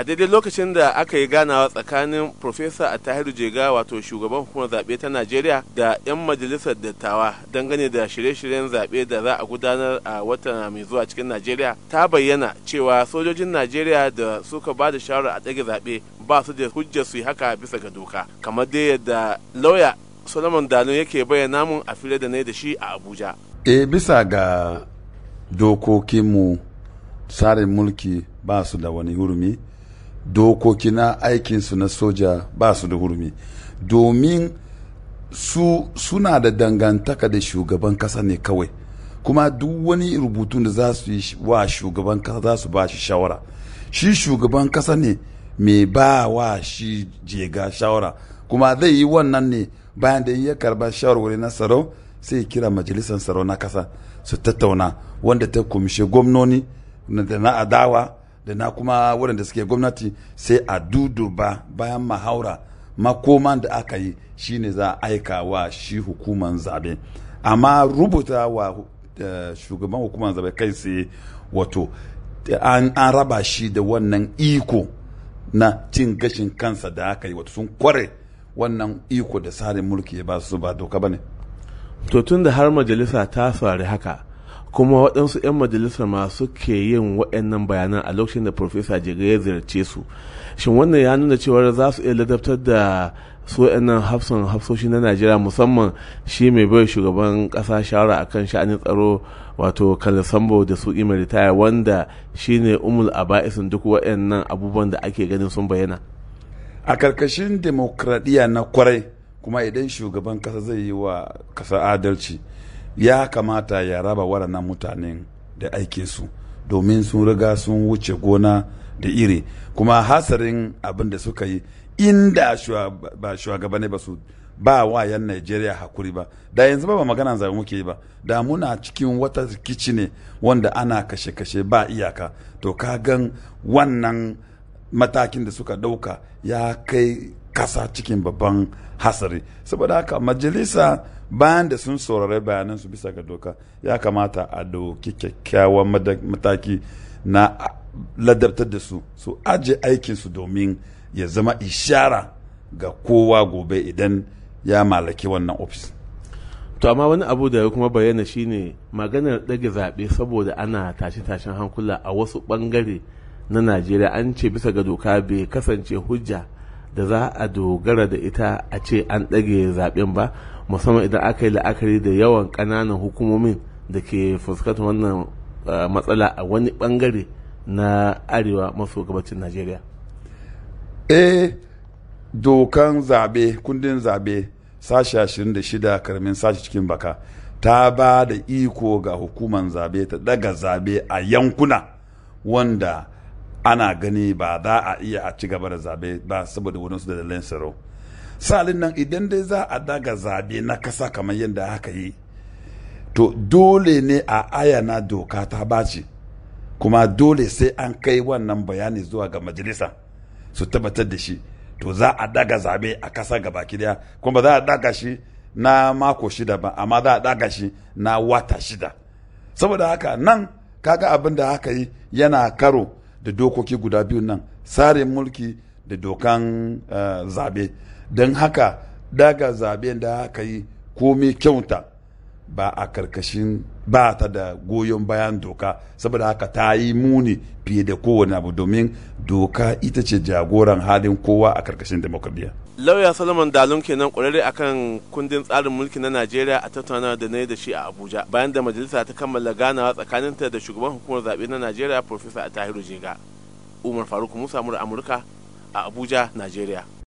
a daidai lokacin da aka yi ganawa tsakanin profesa a tahiru jega wato shugaban hukumar zaɓe ta najeriya da 'yan majalisar dattawa dangane da shirye-shiryen zaɓe da za a gudanar a wata mai zuwa cikin najeriya ta bayyana cewa sojojin najeriya da suka ba da shawarar a ɗage zaɓe ba su da hujjar su yi haka bisa ga doka kamar dai yadda lauya solomon dano yake bayyana mun a fili da na da shi a abuja e bisa ga dokokinmu tsarin mulki ba su da wani hurumi dokoki na aikinsu na soja ba su da hurumi domin su suna da dangantaka da shugaban kasa ne kawai kuma duk wani rubutun da za su yi wa shugaban kasa za su ba shi shawara shi shugaban kasa ne mai ba wa shi jega shawara kuma zai yi wannan ne bayan da ya karba shawarwari na tsaro sai kira majalisar tsaro na kasa su tattauna wanda ta kumshe gwamnoni da na adawa da na kuma waɗanda suke gwamnati sai a duduba bayan mahaura makoman da aka yi shine za a aika wa shi hukuman zabe amma rubuta wa eh, shugaban hukuman zabe kai sai wato an raba shi da wannan iko na cin gashin kansa da aka yi wato sun kware wannan iko da tsarin mulki ya ba su ba doka ba ne tun da har majalisa ta faru haka kuma waɗansu 'yan majalisar masu ke yin waɗannan bayanan a lokacin da profesa jiga ya ziyarce su shin wannan ya nuna cewar za su iya ladabtar da su waɗannan hafsan hafsoshi na najeriya musamman shi mai bai shugaban ƙasa shawara akan sha'anin tsaro wato kalisambo da su ima ritaya wanda shine umul aba'isin duk waɗannan abubuwan da ake ganin sun bayyana a karkashin demokradiyya na kwarai kuma idan shugaban ƙasa zai yi wa ƙasa adalci ya kamata ya raba waɗannan mutanen da su domin sun riga sun wuce gona da iri kuma hasarin abin da suka yi inda ba shugabanni ba su ba yan Najeriya hakuri ba da yanzu ba magana zai muke yi ba da muna cikin wata rikici ne wanda ana kashe-kashe ba iyaka to ka gan wannan matakin da suka ɗauka ya kai kasa cikin babban hasari saboda haka majalisa bayan da sun saurari bayanan su bisa ga doka ya kamata a dauki kyakkyawan mataki na ladabtar da su su aje aikinsu domin ya zama ishara ga kowa gobe idan ya malaki wannan ofis. to amma wani abu da ya kuma bayyana shine maganar ɗage zaɓe saboda ana tashe-tashen hankula a wasu ɓangare na najeriya an ce bisa ga doka bai kasance hujja da za a dogara da ita a ce an ɗage zaɓen ba musamman idan aka yi la'akari da yawan ƙananan hukumomin da ke fuskantar wannan matsala a wani ɓangare na arewa maso gabacin najeriya eh dokan zaɓe kundin zaɓe sashi 26 karamin sashi cikin baka ta ba da iko ga hukumar zaɓe ta ɗaga zaɓe a yankuna wanda ana gani ba za a iya a ci gaba da zabe ba saboda wadansu da dalilin tsaro salin nan idan dai za a daga zabe na kasa kamar yadda haka yi to dole ne a ayana doka ta baci kuma dole sai an kai wannan bayani zuwa ga majalisa su tabbatar da shi to za a daga zabe a kasa gaba daya kuma ba za a daga shi na mako shida ba amma za a daga shi na wata shida saboda haka nan kaga abin da aka yi yana karo da dokoki guda biyu nan tsarin mulki da dokan eh, zabe don haka daga zaben da aka yi komai kyauta ba a karkashin ba ta da goyon bayan doka saboda haka ta yi muni fiye da kowane abu domin doka ita ce jagoran halin kowa a karkashin demokradiyya. lauya solomon dalun kenan kwararre kan kundin tsarin mulki na najeriya a tattaunawa da na da shi a abuja bayan da majalisa ta kammala ganawa tsakanin ta da shugaban hukumar zaɓe na najeriya profesa tahiru jega umar faruk musa mura amurka a abuja najeriya